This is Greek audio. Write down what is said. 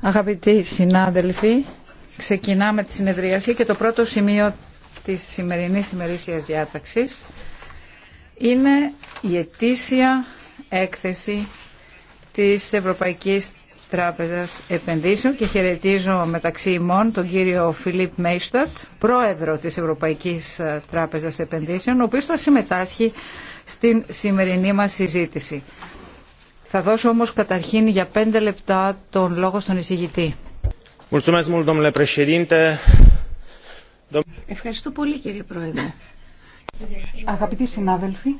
Αγαπητοί συνάδελφοι, ξεκινάμε τη συνεδρίαση και το πρώτο σημείο της σημερινής ημερήσιας διάταξης είναι η ετήσια έκθεση της Ευρωπαϊκής Τράπεζας Επενδύσεων και χαιρετίζω μεταξύ ημών τον κύριο Φιλίπ Μέιστατ, πρόεδρο της Ευρωπαϊκής Τράπεζας Επενδύσεων, ο οποίος θα συμμετάσχει στην σημερινή μας συζήτηση. Θα δώσω όμως καταρχήν για πέντε λεπτά τον λόγο στον εισηγητή. Ευχαριστώ πολύ κύριε Πρόεδρε. Αγαπητοί συνάδελφοι,